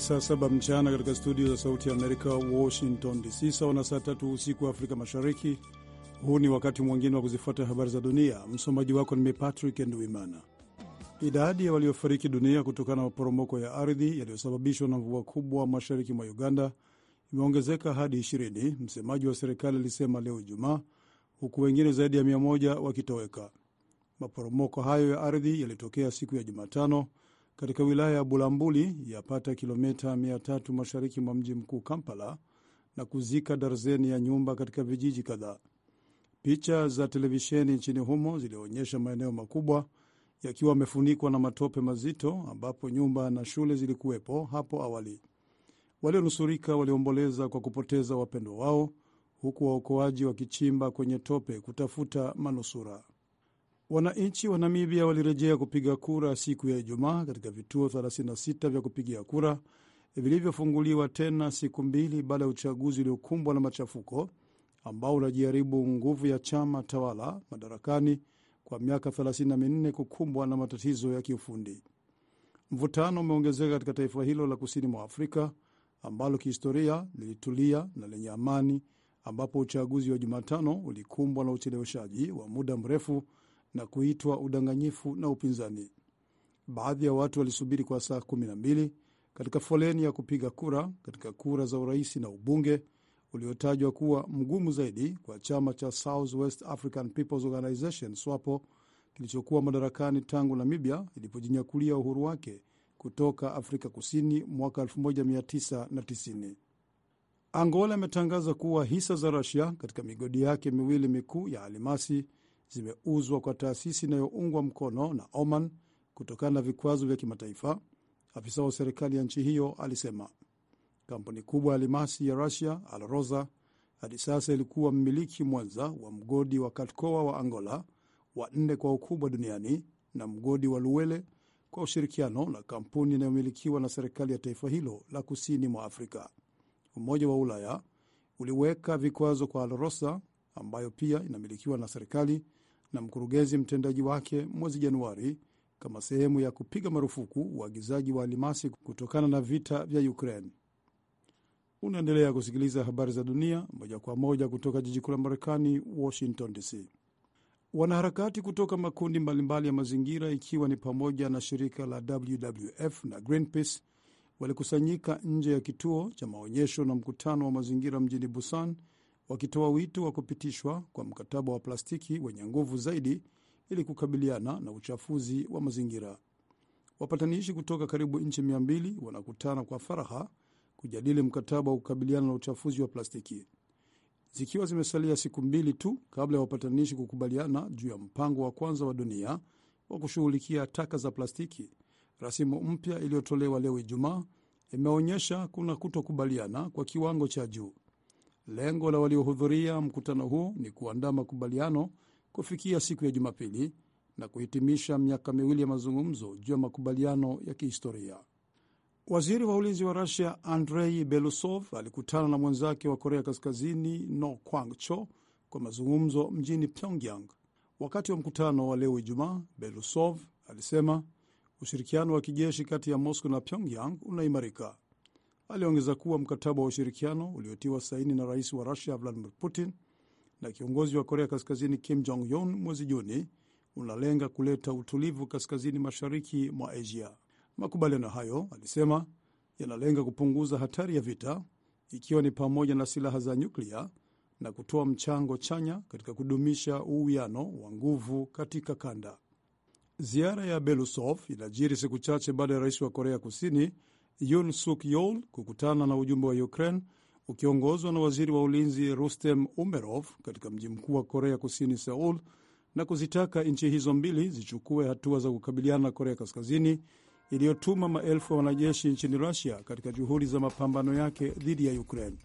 saa saba mchana katika studio za Sauti ya Amerika, Washington DC, sawa na saa tatu usiku wa Afrika Mashariki. Huu ni wakati mwingine wa kuzifuata habari za dunia. Msomaji wako ni mimi Patrick Nduimana. Idadi ya waliofariki dunia kutokana na maporomoko ya ardhi yaliyosababishwa na mvua kubwa mashariki mwa Uganda imeongezeka hadi ishirini, msemaji wa serikali alisema leo Ijumaa, huku wengine zaidi ya mia moja wakitoweka. Maporomoko hayo ya ardhi yalitokea siku ya Jumatano katika wilaya ya Bulambuli yapata kilomita 3 mashariki mwa mji mkuu Kampala na kuzika darzeni ya nyumba katika vijiji kadhaa. Picha za televisheni nchini humo zilionyesha maeneo makubwa yakiwa yamefunikwa na matope mazito ambapo nyumba na shule zilikuwepo hapo awali. Walionusurika waliomboleza kwa kupoteza wapendwa wao, huku waokoaji wakichimba kwenye tope kutafuta manusura. Wananchi wa Namibia walirejea kupiga kura siku ya Ijumaa katika vituo 36 vya kupigia kura vilivyofunguliwa tena siku mbili baada ya uchaguzi uliokumbwa na machafuko ambao unajaribu nguvu ya chama tawala madarakani kwa miaka 34 kukumbwa na matatizo ya kiufundi. Mvutano umeongezeka katika taifa hilo la kusini mwa Afrika ambalo kihistoria lilitulia na lenye amani, ambapo uchaguzi wa Jumatano ulikumbwa na ucheleweshaji wa muda mrefu na kuitwa udanganyifu na upinzani. Baadhi ya watu walisubiri kwa saa kumi na mbili katika foleni ya kupiga kura katika kura za urais na ubunge uliotajwa kuwa mgumu zaidi kwa chama cha South West African Peoples Organization SWAPO kilichokuwa madarakani tangu Namibia ilipojinyakulia uhuru wake kutoka Afrika Kusini mwaka 1990. Angola imetangaza kuwa hisa za rusia katika migodi yake miwili mikuu ya alimasi zimeuzwa kwa taasisi inayoungwa mkono na Oman kutokana na vikwazo vya kimataifa, afisa wa serikali ya nchi hiyo alisema. Kampuni kubwa ya limasi ya Rusia Alrosa hadi sasa ilikuwa mmiliki mwenza wa mgodi wa Katkoa wa Angola, wa nne kwa ukubwa duniani, na mgodi wa Luwele kwa ushirikiano na kampuni inayomilikiwa na serikali ya taifa hilo la kusini mwa Afrika. Umoja wa Ulaya uliweka vikwazo kwa Alrosa ambayo pia inamilikiwa na serikali na mkurugenzi mtendaji wake mwezi Januari kama sehemu ya kupiga marufuku uagizaji wa alimasi kutokana na vita vya Ukraine. Unaendelea kusikiliza habari za dunia moja kwa moja kutoka jiji kuu la Marekani, Washington DC. Wanaharakati kutoka makundi mbalimbali ya mazingira ikiwa ni pamoja na shirika la WWF na Greenpeace walikusanyika nje ya kituo cha maonyesho na mkutano wa mazingira mjini Busan wakitoa wito wa kupitishwa kwa mkataba wa plastiki wenye nguvu zaidi ili kukabiliana na uchafuzi wa mazingira. Wapatanishi kutoka karibu nchi mia mbili wanakutana kwa faraha kujadili mkataba wa kukabiliana na uchafuzi wa plastiki, zikiwa zimesalia siku mbili tu kabla ya wapatanishi kukubaliana juu ya mpango wa kwanza wa dunia wa kushughulikia taka za plastiki. Rasimu mpya iliyotolewa leo Ijumaa imeonyesha kuna kutokubaliana kwa kiwango cha juu. Lengo la waliohudhuria mkutano huu ni kuandaa makubaliano kufikia siku ya Jumapili na kuhitimisha miaka miwili ya mazungumzo juu ya makubaliano ya kihistoria. Waziri wa ulinzi wa Rusia Andrei Belusov alikutana na mwenzake wa Korea Kaskazini No Kwang Cho kwa mazungumzo mjini Pyongyang. Wakati wa mkutano wa leo Ijumaa, Belusov alisema ushirikiano wa kijeshi kati ya Moscow na Pyongyang unaimarika. Aliongeza kuwa mkataba wa ushirikiano uliotiwa saini na rais wa Rusia Vladimir Putin na kiongozi wa Korea Kaskazini Kim Jong Un mwezi Juni unalenga kuleta utulivu kaskazini mashariki mwa Asia. Makubaliano hayo, alisema, yanalenga kupunguza hatari ya vita, ikiwa ni pamoja na silaha za nyuklia na kutoa mchango chanya katika kudumisha uwiano wa nguvu katika kanda. Ziara ya Belousov inajiri siku chache baada ya rais wa Korea Kusini Yun Suk Yol kukutana na ujumbe wa Ukraine ukiongozwa na waziri wa ulinzi Rustem Umerov katika mji mkuu wa Korea Kusini, Seul, na kuzitaka nchi hizo mbili zichukue hatua za kukabiliana na Korea Kaskazini iliyotuma maelfu ya wanajeshi nchini Rusia katika juhudi za mapambano yake dhidi ya Ukraine.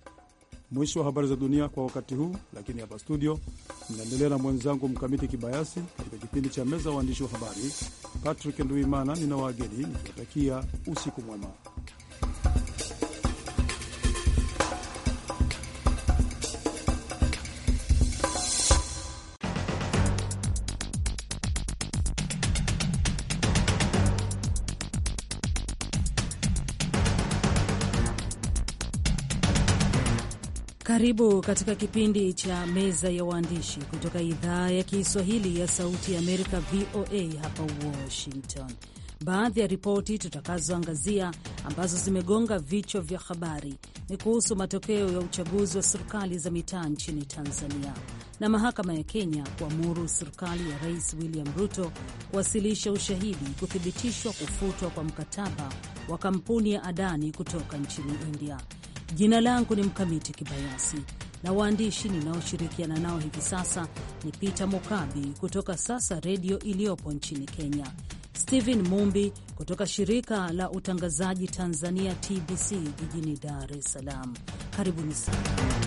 Mwisho wa habari za dunia kwa wakati huu, lakini hapa studio ninaendelea na mwenzangu Mkamiti Kibayasi katika kipindi cha meza waandishi wa habari. Patrick Nduimana nina wageni nikiwatakia usiku mwema. Karibu katika kipindi cha meza ya waandishi kutoka idhaa ya Kiswahili ya Sauti ya Amerika, VOA hapa Washington. Baadhi ya ripoti tutakazoangazia ambazo zimegonga vichwa vya habari ni kuhusu matokeo ya uchaguzi wa serikali za mitaa nchini Tanzania na mahakama ya Kenya kuamuru serikali ya Rais William Ruto kuwasilisha ushahidi kuthibitishwa kufutwa kwa mkataba wa kampuni ya Adani kutoka nchini India. Jina langu ni Mkamiti Kibayasi na waandishi ninaoshirikiana nao hivi sasa ni Peter Mokabi kutoka Sasa Redio iliyopo nchini Kenya, Stephen Mumbi kutoka shirika la utangazaji Tanzania TBC jijini Dar es Salaam. Karibuni sana.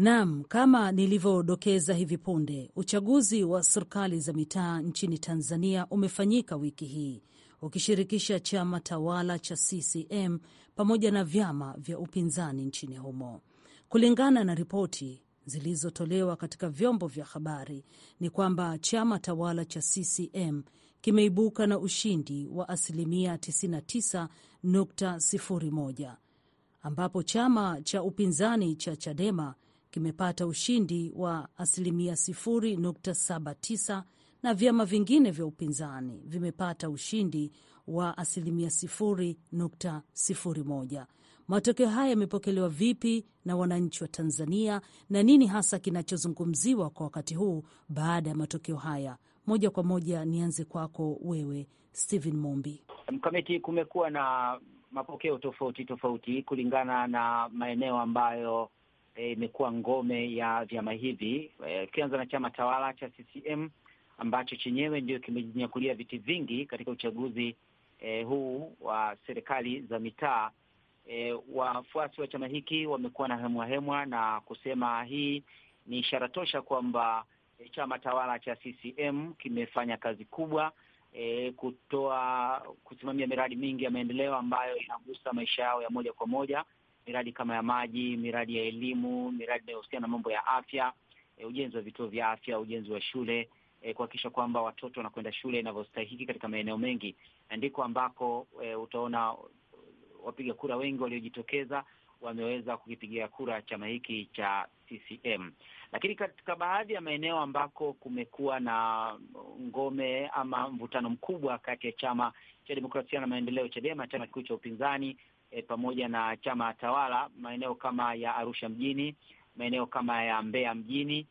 Naam, kama nilivyodokeza hivi punde, uchaguzi wa serikali za mitaa nchini Tanzania umefanyika wiki hii ukishirikisha chama tawala cha CCM pamoja na vyama vya upinzani nchini humo. Kulingana na ripoti zilizotolewa katika vyombo vya habari ni kwamba chama tawala cha CCM kimeibuka na ushindi wa asilimia 99.01 ambapo chama cha upinzani cha Chadema kimepata ushindi wa asilimia 0.79 na vyama vingine vya upinzani vimepata ushindi wa asilimia 0.01. Matokeo haya yamepokelewa vipi na wananchi wa Tanzania na nini hasa kinachozungumziwa kwa wakati huu baada ya matokeo haya? Moja kwa moja nianze kwako wewe Stephen Mombi. Mkamiti, kumekuwa na mapokeo tofauti tofauti kulingana na maeneo ambayo E, imekuwa e, ngome ya vyama hivi e, na chama tawala cha CCM ambacho chenyewe ndio kimejinyakulia viti vingi katika uchaguzi e, huu wa serikali za mitaa. E, wafuasi wa chama hiki wamekuwa na hemwa hemwa na kusema hii ni ishara tosha kwamba e, chama tawala cha CCM kimefanya kazi kubwa e, kutoa kusimamia miradi mingi ya maendeleo ambayo inagusa maisha yao ya moja kwa moja miradi kama ya maji, miradi ya elimu, miradi inayohusiana na mambo ya afya, e, ujenzi wa vituo vya afya, ujenzi wa shule e, kuhakikisha kwamba watoto wanakwenda shule inavyostahiki katika maeneo mengi, na ndiko ambako e, utaona wapiga kura wengi waliojitokeza wameweza kukipigia kura chama hiki cha CCM. Lakini katika baadhi ya maeneo ambako kumekuwa na ngome ama mvutano mkubwa kati ya chama cha demokrasia na maendeleo Chadema, chama kikuu cha upinzani e, pamoja na chama tawala maeneo kama ya Arusha mjini, maeneo kama ya Mbeya mjini,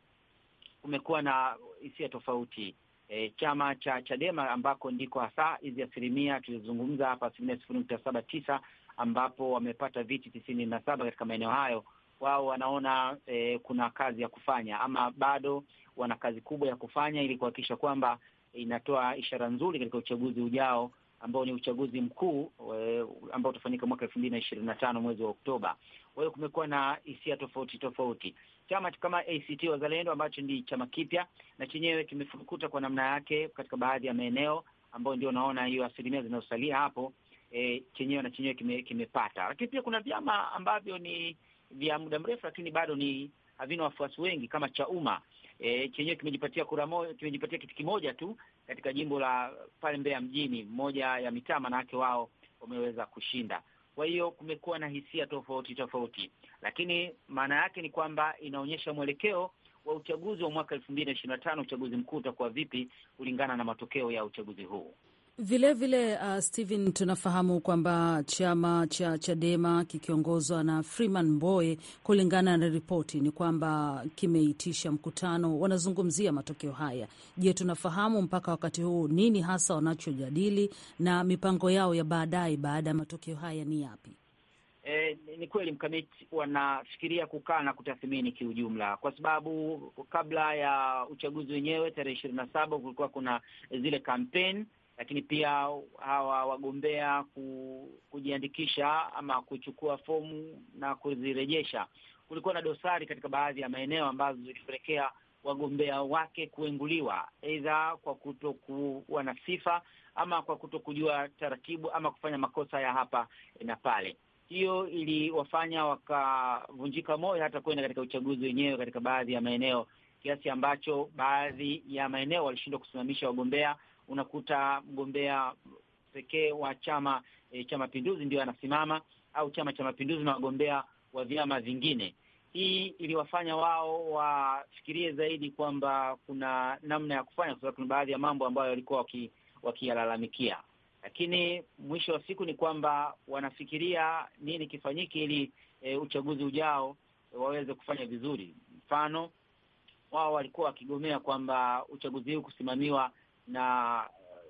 kumekuwa na hisia tofauti. E, chama cha Chadema ambako ndiko hasa hizi asilimia tulizozungumza hapa, asilimia sifuri nukta saba tisa ambapo wamepata viti tisini na saba katika maeneo hayo, wao wanaona e, kuna kazi ya kufanya ama bado wana kazi kubwa ya kufanya ili kuhakikisha kwamba inatoa ishara nzuri katika uchaguzi ujao ambao ni uchaguzi mkuu eh, ambao utafanyika mwaka elfu mbili na ishirini na tano mwezi wa Oktoba. Kwa hiyo kumekuwa na hisia tofauti tofauti. Chama kama ACT Wazalendo ambacho ni chama kipya na chenyewe kimefurukuta kwa namna yake katika baadhi ya maeneo ambayo ndio unaona hiyo asilimia zinazosalia hapo e, chenyewe na chenyewe kime, kimepata. Lakini pia kuna vyama ambavyo ni vya muda mrefu, lakini bado ni havina wafuasi wengi kama cha umma e, chenyewe kimejipatia kura moja, kimejipatia kiti kimoja tu katika jimbo la pale Mbeya mjini, moja ya mitaa manake wao wameweza kushinda. Kwa hiyo kumekuwa na hisia tofauti tofauti, lakini maana yake ni kwamba inaonyesha mwelekeo wa uchaguzi wa mwaka elfu mbili na ishirini na tano uchaguzi mkuu utakuwa vipi kulingana na matokeo ya uchaguzi huu. Vilevile vile, uh, Steven, tunafahamu kwamba chama cha Chadema kikiongozwa na Freeman Mbowe, kulingana na ripoti ni kwamba kimeitisha mkutano, wanazungumzia matokeo haya. Je, tunafahamu mpaka wakati huu nini hasa wanachojadili na mipango yao ya baadaye baada ya matokeo haya ni yapi? E, ni kweli mkamiti, wanafikiria kukaa na kutathmini kiujumla, kwa sababu kabla ya uchaguzi wenyewe tarehe ishirini na saba kulikuwa kuna zile kampeni lakini pia hawa wagombea kujiandikisha ama kuchukua fomu na kuzirejesha. Kulikuwa na dosari katika baadhi ya maeneo ambazo zilipelekea wagombea wake kuenguliwa, aidha kwa kuto kuwa na sifa ama kwa kuto kujua taratibu ama kufanya makosa ya hapa na pale. Hiyo iliwafanya wakavunjika moyo hata kwenda katika uchaguzi wenyewe katika baadhi ya maeneo, kiasi ambacho baadhi ya maeneo walishindwa kusimamisha wagombea unakuta mgombea pekee wa chama e, cha mapinduzi ndio anasimama au chama cha mapinduzi na wagombea wa vyama vingine. Hii iliwafanya wao wafikirie zaidi kwamba kuna namna ya kufanya, kwa sababu kuna baadhi ya mambo ambayo walikuwa wakiyalalamikia waki, lakini mwisho wa siku ni kwamba wanafikiria nini kifanyike ili e, uchaguzi ujao e, waweze kufanya vizuri. Mfano, wao walikuwa wakigomea kwamba uchaguzi huu kusimamiwa na eh,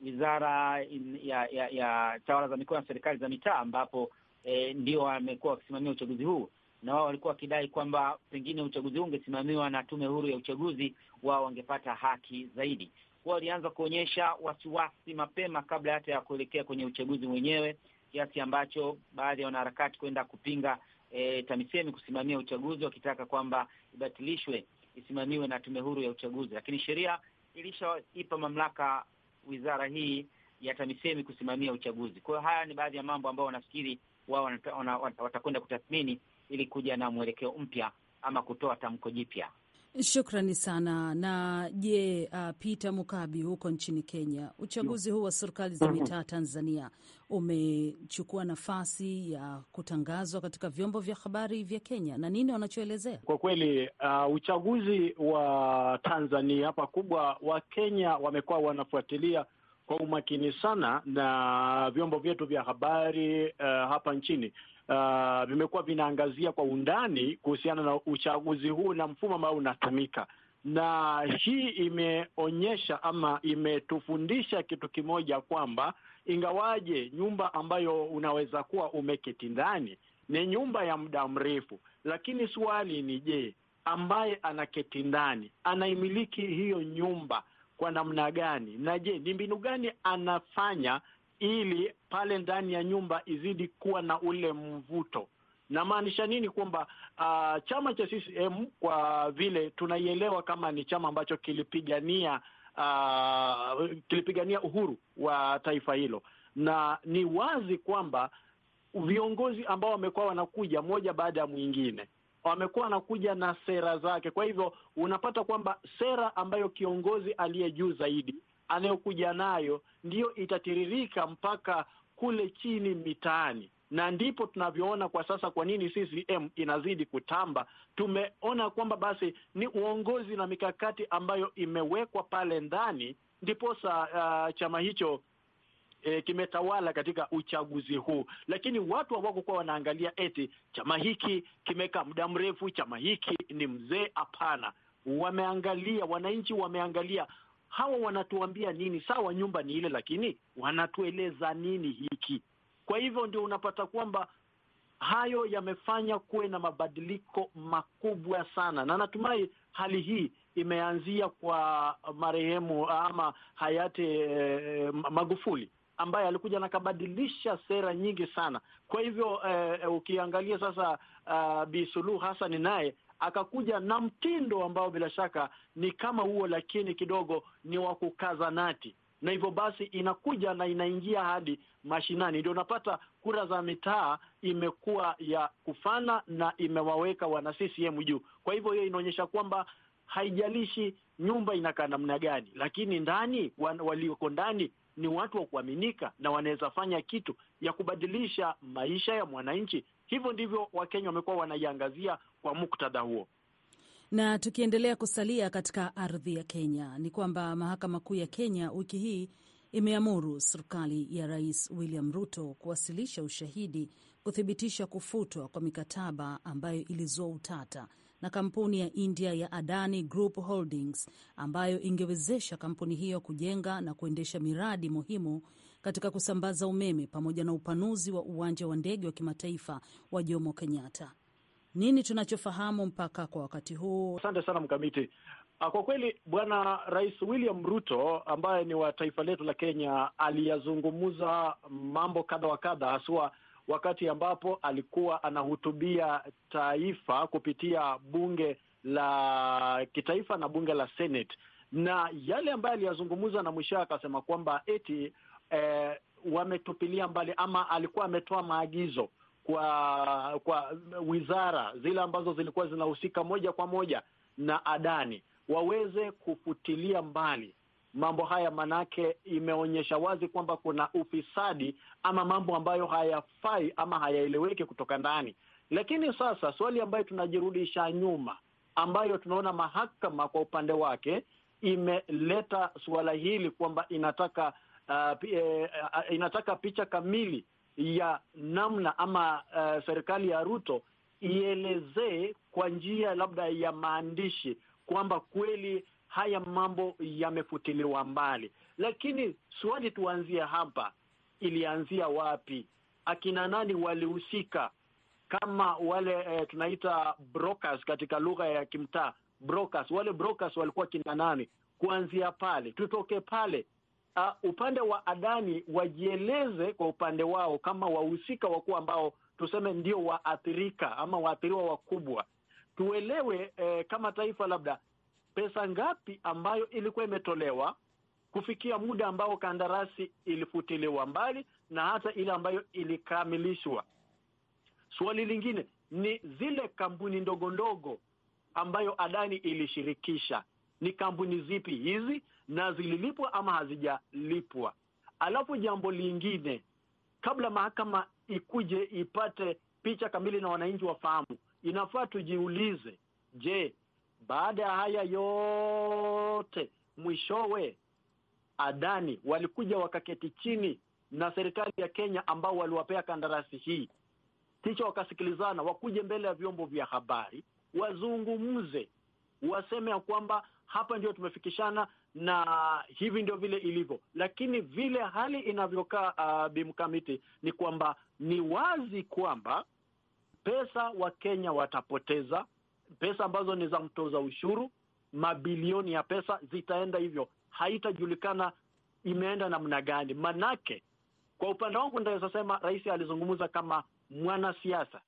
wizara ya, ya, ya tawala za mikoa na serikali za mitaa ambapo e, ndio wamekuwa wakisimamia uchaguzi huu, na wao walikuwa wakidai kwamba pengine uchaguzi huu ungesimamiwa na tume huru ya uchaguzi, wao wangepata haki zaidi. Kwa walianza kuonyesha wasiwasi mapema kabla hata ya kuelekea kwenye uchaguzi mwenyewe, kiasi ambacho baadhi ya wanaharakati kwenda kupinga e, TAMISEMI kusimamia uchaguzi, wakitaka kwamba ibatilishwe, isimamiwe na tume huru ya uchaguzi, lakini sheria ilishaipa mamlaka wizara hii ya TAMISEMI kusimamia uchaguzi. Kwa hiyo haya ni baadhi ya mambo ambayo wanafikiri wao watakwenda kutathmini ili kuja na mwelekeo mpya ama kutoa tamko jipya. Shukrani sana. Na je, uh, Peter Mukabi, huko nchini Kenya, uchaguzi huu wa serikali za mhm. mitaa Tanzania umechukua nafasi ya kutangazwa katika vyombo vya habari vya Kenya, na nini wanachoelezea? Kwa kweli, uh, uchaguzi wa Tanzania pakubwa, Wakenya wamekuwa wanafuatilia kwa umakini sana, na vyombo vyetu vya habari uh, hapa nchini uh, vimekuwa vinaangazia kwa undani kuhusiana na uchaguzi huu na mfumo ambao unatumika na hii imeonyesha ama imetufundisha kitu kimoja kwamba ingawaje nyumba ambayo unaweza kuwa umeketi ndani ni nyumba ya muda mrefu, lakini swali ni je, ambaye anaketi ndani anaimiliki hiyo nyumba kwa namna gani? Na je, ni mbinu gani anafanya ili pale ndani ya nyumba izidi kuwa na ule mvuto. Namaanisha nini? Kwamba uh, chama cha CCM kwa vile tunaielewa kama ni chama ambacho kilipigania uh, kilipigania uhuru wa taifa hilo, na ni wazi kwamba viongozi ambao wamekuwa wanakuja moja baada ya mwingine wamekuwa wanakuja na sera zake. Kwa hivyo unapata kwamba sera ambayo kiongozi aliye juu zaidi anayokuja nayo ndiyo itatiririka mpaka kule chini mitaani, na ndipo tunavyoona kwa sasa kwa nini CCM inazidi kutamba. Tumeona kwamba basi ni uongozi na mikakati ambayo imewekwa pale ndani, ndiposa uh, chama hicho E, kimetawala katika uchaguzi huu, lakini watu hawakokuwa wanaangalia eti chama hiki kimekaa muda mrefu, chama hiki ni mzee. Hapana, wameangalia wananchi, wameangalia hawa wanatuambia nini? Sawa, nyumba ni ile, lakini wanatueleza nini hiki? Kwa hivyo ndio unapata kwamba hayo yamefanya kuwe na mabadiliko makubwa sana, na natumai hali hii imeanzia kwa marehemu ama hayati eh, Magufuli ambaye alikuja na kabadilisha sera nyingi sana. Kwa hivyo eh, ukiangalia sasa, uh, Bi Suluhu Hassan naye akakuja na mtindo ambao bila shaka ni kama huo, lakini kidogo ni wa kukaza nati, na hivyo basi inakuja na inaingia hadi mashinani. Ndio unapata kura za mitaa imekuwa ya kufana na imewaweka wana CCM juu. Kwa hivyo hiyo inaonyesha kwamba haijalishi nyumba inakaa namna gani, lakini ndani walioko ndani ni watu wa kuaminika na wanaweza fanya kitu ya kubadilisha maisha ya mwananchi Hivyo ndivyo Wakenya wamekuwa wanaiangazia kwa muktadha huo. Na tukiendelea kusalia katika ardhi ya Kenya, ni kwamba mahakama kuu ya Kenya wiki hii imeamuru serikali ya Rais William Ruto kuwasilisha ushahidi kuthibitisha kufutwa kwa mikataba ambayo ilizua utata na kampuni ya India ya Adani Group Holdings ambayo ingewezesha kampuni hiyo kujenga na kuendesha miradi muhimu katika kusambaza umeme pamoja na upanuzi wa uwanja wa ndege wa kimataifa wa Jomo Kenyatta. Nini tunachofahamu mpaka kwa wakati huu? Asante sana Mkamiti. Ah, kwa kweli Bwana Rais William Ruto ambaye ni wa taifa letu la Kenya aliyazungumza mambo kadha wa kadha, haswa wakati ambapo alikuwa anahutubia taifa kupitia bunge la kitaifa na bunge la Senate, na yale ambayo aliyazungumza na mwishowe akasema kwamba eti eh, wametupilia mbali ama alikuwa ametoa maagizo kwa kwa wizara zile ambazo zilikuwa zinahusika moja kwa moja na Adani waweze kufutilia mbali mambo haya, manake imeonyesha wazi kwamba kuna ufisadi ama mambo ambayo hayafai ama hayaeleweki kutoka ndani. Lakini sasa swali ambayo tunajirudisha nyuma, ambayo tunaona mahakama kwa upande wake imeleta suala hili kwamba inataka uh, inataka picha kamili ya namna ama uh, serikali ya Ruto ielezee kwa njia labda ya maandishi kwamba kweli haya mambo yamefutiliwa mbali. Lakini swali tuanzie hapa, ilianzia wapi? Akina nani walihusika? Kama wale eh, tunaita brokers katika lugha ya kimtaa brokers, wale brokers walikuwa kina nani? Kuanzia pale tutoke pale uh, upande wa adani wajieleze kwa upande wao kama wahusika wakuu ambao tuseme ndio waathirika ama waathiriwa wakubwa. Tuelewe eh, kama taifa, labda pesa ngapi ambayo ilikuwa imetolewa kufikia muda ambao kandarasi ilifutiliwa mbali na hata ile ambayo ilikamilishwa. Swali lingine ni zile kampuni ndogo ndogo ambayo Adani ilishirikisha, ni kampuni zipi hizi na zililipwa ama hazijalipwa. Alafu jambo lingine, kabla mahakama ikuje ipate picha kamili na wananchi wafahamu, inafaa tujiulize, je, baada ya haya yote mwishowe Adani walikuja wakaketi chini na serikali ya Kenya ambao waliwapea kandarasi hii, kisha wakasikilizana, wakuje mbele ya vyombo vya habari wazungumze, waseme ya kwamba hapa ndio tumefikishana na hivi ndio vile ilivyo, lakini vile hali inavyokaa uh, bimkamiti ni kwamba ni wazi kwamba pesa Wakenya watapoteza pesa ambazo ni za mtoza ushuru, mabilioni ya pesa zitaenda hivyo, haitajulikana imeenda namna gani. Manake kwa upande wangu ndaweza sema rais alizungumza kama mwanasiasa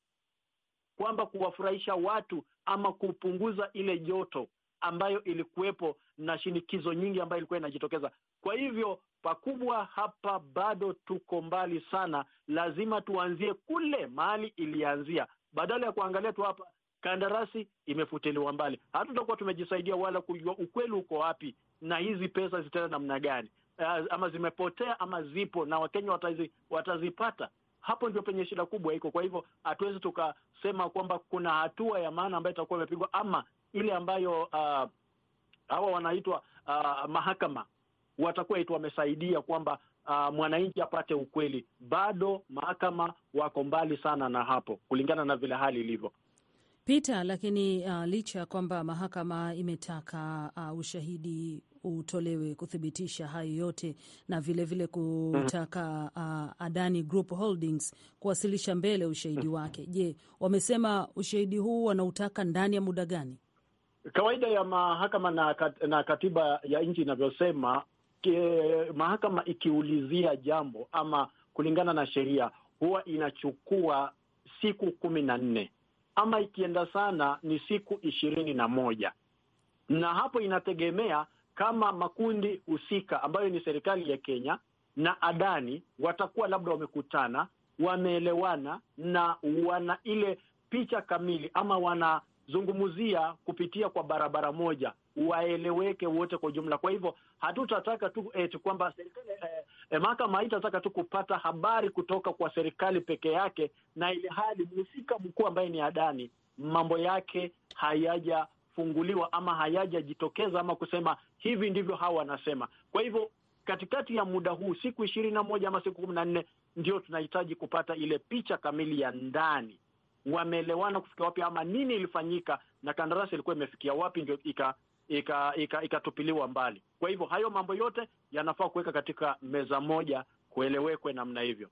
kwamba kuwafurahisha watu ama kupunguza ile joto ambayo ilikuwepo na shinikizo nyingi ambayo ilikuwa inajitokeza. Kwa hivyo pakubwa hapa bado tuko mbali sana, lazima tuanzie kule mahali ilianzia, badala ya kuangalia tu hapa kandarasi imefutiliwa mbali, hatutakuwa tumejisaidia wala kujua ukweli uko wapi na hizi pesa zitaenda namna gani, eh, ama zimepotea ama zipo na Wakenya watazi, watazipata. Hapo ndio penye shida kubwa iko. Kwa hivyo hatuwezi tukasema kwamba kuna hatua ya maana ambayo itakuwa imepigwa ama ile ambayo uh, hawa wanaitwa uh, mahakama watakuwa itu wamesaidia kwamba uh, mwananchi apate ukweli. Bado mahakama wako mbali sana na hapo, kulingana na vile hali ilivyo Peter. Lakini uh, licha ya kwamba mahakama imetaka uh, ushahidi utolewe kuthibitisha hayo yote na vilevile vile kutaka uh, Adani Group Holdings kuwasilisha mbele ushahidi wake, je, wamesema ushahidi huu wanautaka ndani ya muda gani? kawaida ya mahakama na, kat, na katiba ya nchi inavyosema, mahakama ikiulizia jambo ama kulingana na sheria huwa inachukua siku kumi na nne ama ikienda sana ni siku ishirini na moja na hapo inategemea kama makundi husika ambayo ni serikali ya Kenya na Adani watakuwa labda wamekutana, wameelewana na wana ile picha kamili ama wana zungumzia kupitia kwa barabara moja, waeleweke wote kwa ujumla. Kwa hivyo hatutataka tu eh, kwamba eh, eh, mahakama haitataka tu kupata habari kutoka kwa serikali peke yake, na ile hali mhusika mkuu ambaye ni Adani mambo yake hayajafunguliwa ama hayajajitokeza ama kusema hivi ndivyo hawa wanasema. Kwa hivyo katikati ya muda huu siku ishirini na moja ama siku kumi na nne ndio tunahitaji kupata ile picha kamili ya ndani wameelewana kufikia wapi ama nini ilifanyika na kandarasi ilikuwa imefikia wapi ndio ikatupiliwa ika, ika, ika mbali. Kwa hivyo hayo mambo yote yanafaa kuweka katika meza moja, kuelewekwe namna hivyo.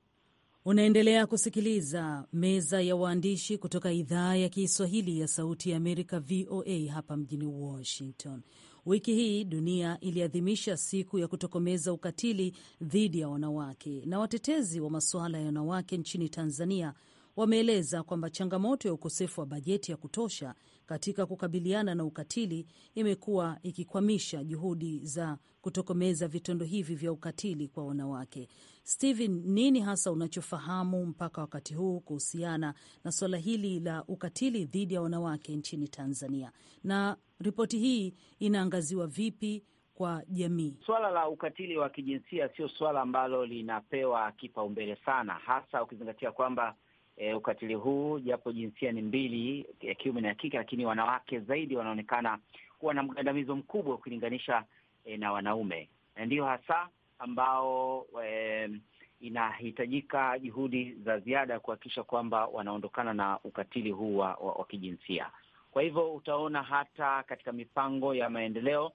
Unaendelea kusikiliza meza ya waandishi kutoka idhaa ya Kiswahili ya Sauti ya Amerika, VOA, hapa mjini Washington. Wiki hii dunia iliadhimisha siku ya kutokomeza ukatili dhidi ya wanawake, na watetezi wa masuala ya wanawake nchini Tanzania wameeleza kwamba changamoto ya ukosefu wa bajeti ya kutosha katika kukabiliana na ukatili imekuwa ikikwamisha juhudi za kutokomeza vitendo hivi vya ukatili kwa wanawake. Steven, nini hasa unachofahamu mpaka wakati huu kuhusiana na suala hili la ukatili dhidi ya wanawake nchini Tanzania, na ripoti hii inaangaziwa vipi kwa jamii? Swala la ukatili wa kijinsia sio swala ambalo linapewa kipaumbele sana, hasa ukizingatia kwamba e, ukatili huu, japo jinsia ni mbili, ya kiume na ya kike, lakini wanawake zaidi wanaonekana kuwa na mgandamizo mkubwa ukilinganisha e, na wanaume, na ndiyo hasa ambao e, inahitajika juhudi za ziada kuhakikisha kwamba wanaondokana na ukatili huu wa, wa, wa kijinsia. Kwa hivyo utaona hata katika mipango ya maendeleo,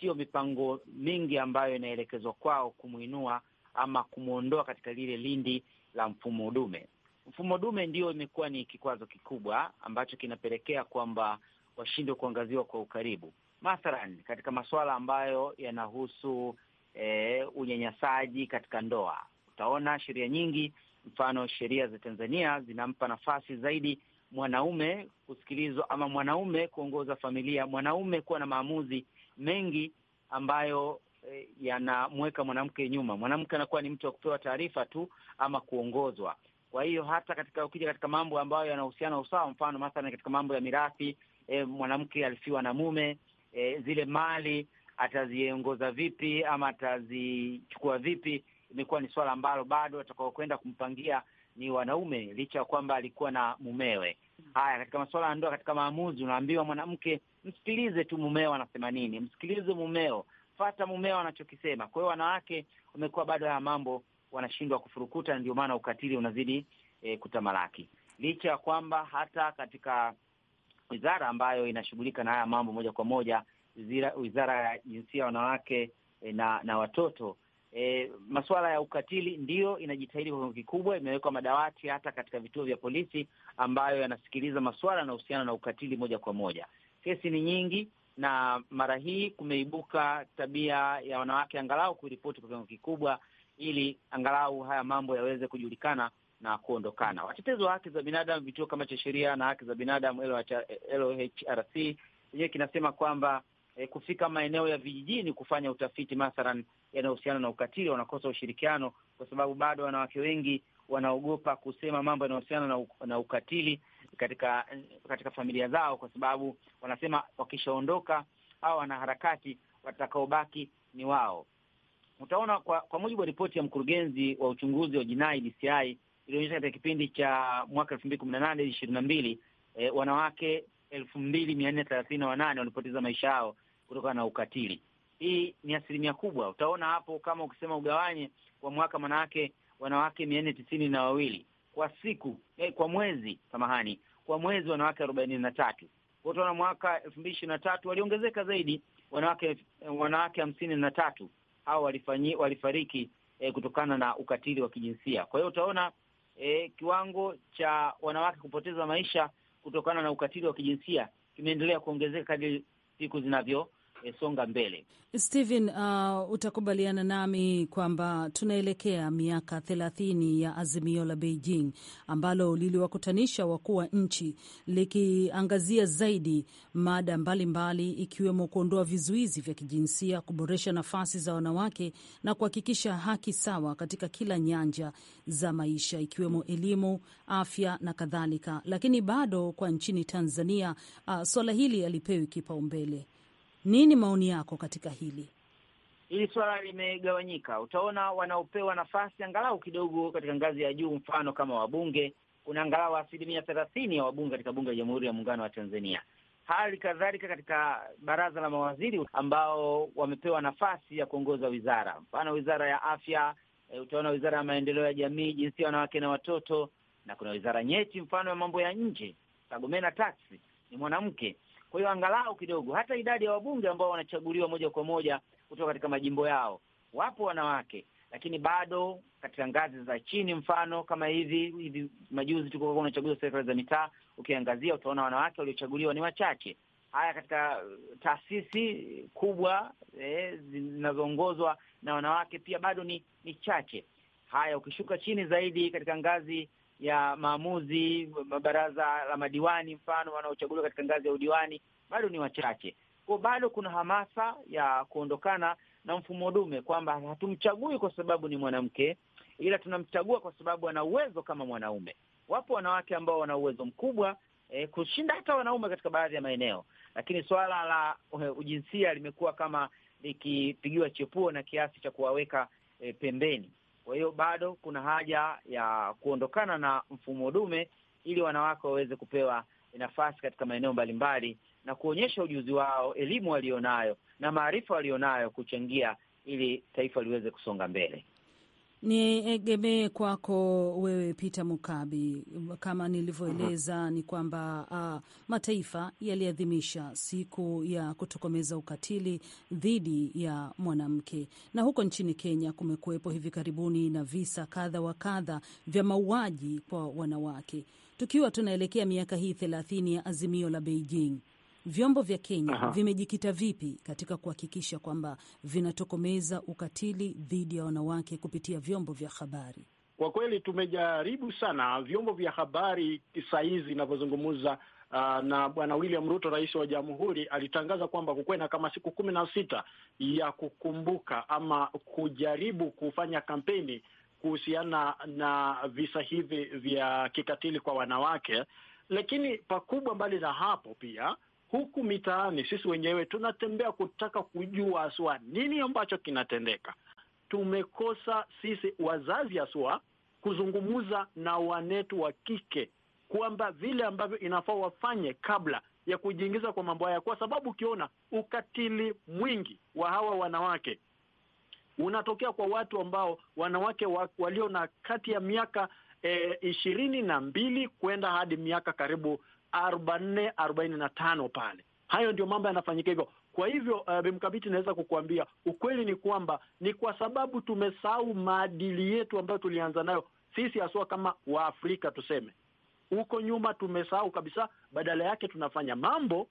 sio mipango mingi ambayo inaelekezwa kwao kumwinua ama kumwondoa katika lile lindi la mfumo dume mfumo dume ndio imekuwa ni kikwazo kikubwa ambacho kinapelekea kwamba washindwe kuangaziwa kwa ukaribu, mathalan katika masuala ambayo yanahusu e, unyanyasaji katika ndoa. Utaona sheria nyingi, mfano sheria za Tanzania zinampa nafasi zaidi mwanaume kusikilizwa ama mwanaume kuongoza familia, mwanaume kuwa na maamuzi mengi ambayo e, yanamweka mwanamke nyuma. Mwanamke anakuwa ni mtu wa kupewa taarifa tu ama kuongozwa. Kwa hiyo hata katika ukija katika mambo ambayo yanahusiana usawa, mfano mathalan katika mambo ya mirathi e, mwanamke alifiwa na mume e, zile mali ataziongoza vipi ama atazichukua vipi, imekuwa ni swala ambalo bado atakaokwenda kumpangia ni wanaume, licha ya kwamba alikuwa na mumewe. Haya, katika masuala ya ndoa, katika maamuzi unaambiwa mwanamke, msikilize tu mumeo anasema nini, msikilize mumeo, fata mumeo anachokisema. Kwa hiyo wanawake wamekuwa bado haya mambo wanashindwa kufurukuta, ndio maana ukatili unazidi e, kutamalaki, licha ya kwamba hata katika wizara ambayo inashughulika na haya mambo moja kwa moja, wizara ya jinsia ya wanawake e, na na watoto e, masuala ya ukatili ndiyo inajitahidi kwa kiwango kikubwa. Imewekwa madawati hata katika vituo vya polisi ambayo yanasikiliza masuala yanahusiana na ukatili moja kwa moja. Kesi ni nyingi na mara hii kumeibuka tabia ya wanawake angalau kuripoti kwa kiwango kikubwa, ili angalau haya mambo yaweze kujulikana na kuondokana. Watetezi wa haki za binadamu, vituo kama cha sheria na haki za binadamu LHRC yenyewe kinasema kwamba e, kufika maeneo ya vijijini kufanya utafiti mathalan yanayohusiana na ukatili wanakosa ushirikiano, kwa sababu bado wanawake wengi wanaogopa kusema mambo yanayohusiana na, na ukatili katika katika familia zao, kwa sababu wanasema wakishaondoka au wanaharakati watakaobaki ni wao utaona kwa, kwa mujibu wa ripoti ya mkurugenzi wa uchunguzi wa jinai DCI ilionyesha katika kipindi cha mwaka elfu mbili kumi na nane hadi ishirini na mbili eh, wanawake elfu mbili mia nne thelathini na wanane walipoteza maisha yao kutokana na ukatili. Hii ni asilimia kubwa. Utaona hapo kama ukisema ugawanye kwa mwaka, manawake wanawake mia nne tisini na wawili kwa siku eh, kwa mwezi samahani, kwa mwezi wanawake arobaini na tatu Utaona mwaka elfu mbili ishirini na tatu waliongezeka zaidi wanawake eh, wanawake hamsini na tatu au walifanyi, walifariki e, kutokana na ukatili wa kijinsia. Kwa hiyo utaona e, kiwango cha wanawake kupoteza maisha kutokana na ukatili wa kijinsia kimeendelea kuongezeka kadri siku zinavyo Eh, songa mbele. Steven, uh, utakubaliana nami kwamba tunaelekea miaka thelathini ya azimio la Beijing ambalo liliwakutanisha wakuu wa nchi likiangazia zaidi mada mbalimbali ikiwemo kuondoa vizuizi vya kijinsia, kuboresha nafasi za wanawake na kuhakikisha haki sawa katika kila nyanja za maisha ikiwemo elimu, afya na kadhalika. Lakini bado kwa nchini Tanzania uh, swala hili halipewi kipaumbele. Nini maoni yako katika hili? Hili swala limegawanyika. Utaona wanaopewa nafasi angalau kidogo katika ngazi ya juu, mfano kama wabunge, kuna angalau asilimia thelathini ya wabunge katika bunge la Jamhuri ya Muungano wa Tanzania. Hali kadhalika katika baraza la mawaziri ambao wamepewa nafasi ya kuongoza wizara, mfano wizara ya afya e, utaona wizara ya maendeleo ya jamii, jinsia, wanawake na watoto, na kuna wizara nyeti, mfano ya mambo ya nje, Mpagomena Tax ni mwanamke. Kwa hiyo angalau kidogo, hata idadi ya wabunge ambao wanachaguliwa moja kwa moja kutoka katika majimbo yao, wapo wanawake, lakini bado katika ngazi za chini, mfano kama hivi hivi majuzi tulikuwa unachaguliwa serikali za mitaa, ukiangazia utaona wanawake waliochaguliwa ni wachache. Haya, katika uh, taasisi kubwa eh, zinazoongozwa na wanawake pia bado ni, ni chache. Haya, ukishuka chini zaidi katika ngazi ya maamuzi, baraza la madiwani mfano, wanaochaguliwa katika ngazi ya udiwani bado ni wachache. Kwa bado kuna hamasa ya kuondokana na mfumo dume kwamba hatumchagui kwa sababu ni mwanamke, ila tunamchagua kwa sababu ana uwezo kama mwanaume. Wapo wanawake ambao wana uwezo mkubwa e, kushinda hata wanaume katika baadhi ya maeneo, lakini suala la eh, ujinsia limekuwa kama likipigiwa chepuo na kiasi cha kuwaweka e, pembeni. Kwa hiyo bado kuna haja ya kuondokana na mfumo dume ili wanawake waweze kupewa nafasi katika maeneo mbalimbali na kuonyesha ujuzi wao, elimu walionayo na maarifa walionayo, kuchangia ili taifa liweze kusonga mbele. Niegemee kwako wewe Peter Mukabi. Kama nilivyoeleza ni kwamba uh, mataifa yaliadhimisha siku ya kutokomeza ukatili dhidi ya mwanamke, na huko nchini Kenya kumekuwepo hivi karibuni na visa kadha wa kadha vya mauaji kwa wanawake, tukiwa tunaelekea miaka hii thelathini ya azimio la Beijing vyombo vya Kenya Aha. vimejikita vipi katika kuhakikisha kwamba vinatokomeza ukatili dhidi ya wanawake kupitia vyombo vya habari? Kwa kweli tumejaribu sana vyombo vya habari sahizi inavyozungumza Uh, na Bwana William Ruto, rais wa jamhuri, alitangaza kwamba kukuwe na kama siku kumi na sita ya kukumbuka ama kujaribu kufanya kampeni kuhusiana na visa hivi vya kikatili kwa wanawake, lakini pakubwa, mbali na hapo, pia huku mitaani sisi wenyewe tunatembea kutaka kujua haswa nini ambacho kinatendeka. Tumekosa sisi wazazi haswa kuzungumza na wanetu wa kike kwamba vile ambavyo inafaa wafanye kabla ya kujiingiza kwa mambo haya, kwa sababu ukiona ukatili mwingi wa hawa wanawake unatokea kwa watu ambao wanawake wa, walio na kati ya miaka eh, ishirini eh, na mbili kwenda hadi miaka karibu arobaini arobaini na tano pale. Hayo ndio mambo yanafanyika hivyo. Kwa hivyo uh, eh, Bimkabiti, naweza kukuambia ukweli ni kwamba ni kwa sababu tumesahau maadili yetu ambayo tulianza nayo sisi haswa kama Waafrika tuseme, huko nyuma tumesahau kabisa. Badala yake tunafanya mambo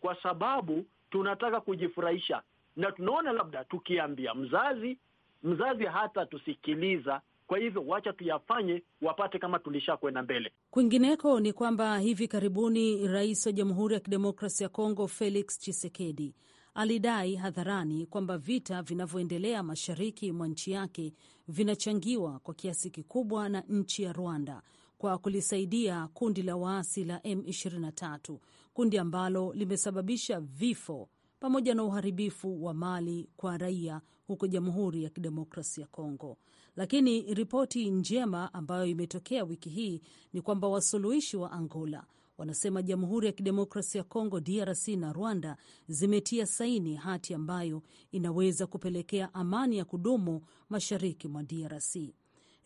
kwa sababu tunataka kujifurahisha, na tunaona labda tukiambia mzazi, mzazi hata tusikiliza kwa hivyo wacha tuyafanye wapate kama tulisha kwenda mbele. Kwingineko ni kwamba hivi karibuni rais wa Jamhuri ya Kidemokrasi ya Kongo Felix Tshisekedi alidai hadharani kwamba vita vinavyoendelea mashariki mwa nchi yake vinachangiwa kwa kiasi kikubwa na nchi ya Rwanda kwa kulisaidia kundi la waasi la M23, kundi ambalo limesababisha vifo pamoja na uharibifu wa mali kwa raia huko Jamhuri ya Kidemokrasi ya Kongo. Lakini ripoti njema ambayo imetokea wiki hii ni kwamba wasuluhishi wa Angola wanasema Jamhuri ya Kidemokrasia ya Kongo DRC na Rwanda zimetia saini hati ambayo inaweza kupelekea amani ya kudumu mashariki mwa DRC.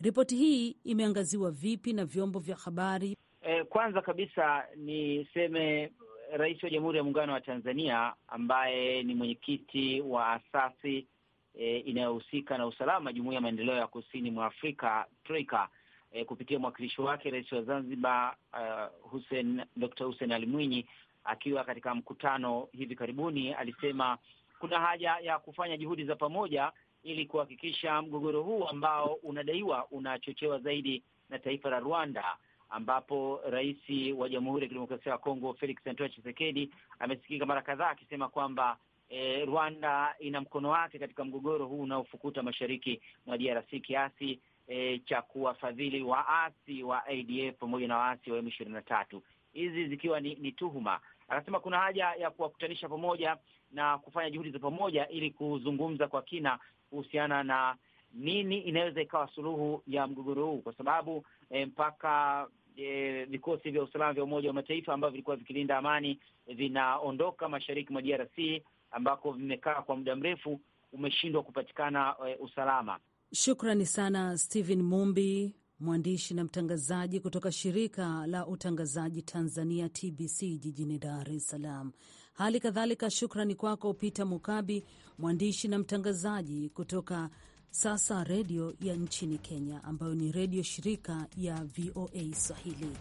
Ripoti hii imeangaziwa vipi na vyombo vya habari? Eh, kwanza kabisa niseme Rais wa Jamhuri ya Muungano wa Tanzania ambaye ni mwenyekiti wa asasi e, inayohusika na usalama, jumuiya ya maendeleo ya kusini mwa Afrika Troika, e, kupitia mwakilishi wake rais wa Zanzibar uh, Hussein, Dr. Hussein Ali Mwinyi akiwa katika mkutano hivi karibuni alisema kuna haja ya kufanya juhudi za pamoja ili kuhakikisha mgogoro huu ambao unadaiwa unachochewa zaidi na taifa la Rwanda, ambapo rais wa Jamhuri ya Kidemokrasia ya Kongo Felix Antoine Tshisekedi amesikika mara kadhaa akisema kwamba e, Rwanda ina mkono wake katika mgogoro huu unaofukuta mashariki mwa DRC kiasi e, cha kuwafadhili waasi wa ADF pamoja na waasi wa M ishirini na tatu, hizi zikiwa ni, ni tuhuma. Anasema kuna haja ya kuwakutanisha pamoja na kufanya juhudi za pamoja ili kuzungumza kwa kina kuhusiana na nini inaweza ikawa suluhu ya mgogoro huu, kwa sababu e, mpaka e, vikosi vya usalama vya Umoja wa Mataifa ambavyo vilikuwa vikilinda amani vinaondoka mashariki mwa DRC ambako vimekaa kwa muda mrefu umeshindwa kupatikana e, usalama. Shukrani sana stephen Mumbi, mwandishi na mtangazaji kutoka shirika la utangazaji Tanzania TBC jijini Dar es Salaam. Hali kadhalika shukrani kwako Peter Mukabi, mwandishi na mtangazaji kutoka Sasa Redio ya nchini Kenya, ambayo ni redio shirika ya VOA Swahili.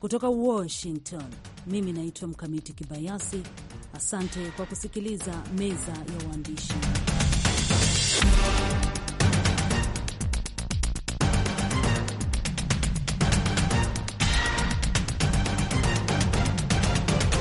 Kutoka Washington, mimi naitwa Mkamiti Kibayasi. Asante kwa kusikiliza Meza ya Waandishi.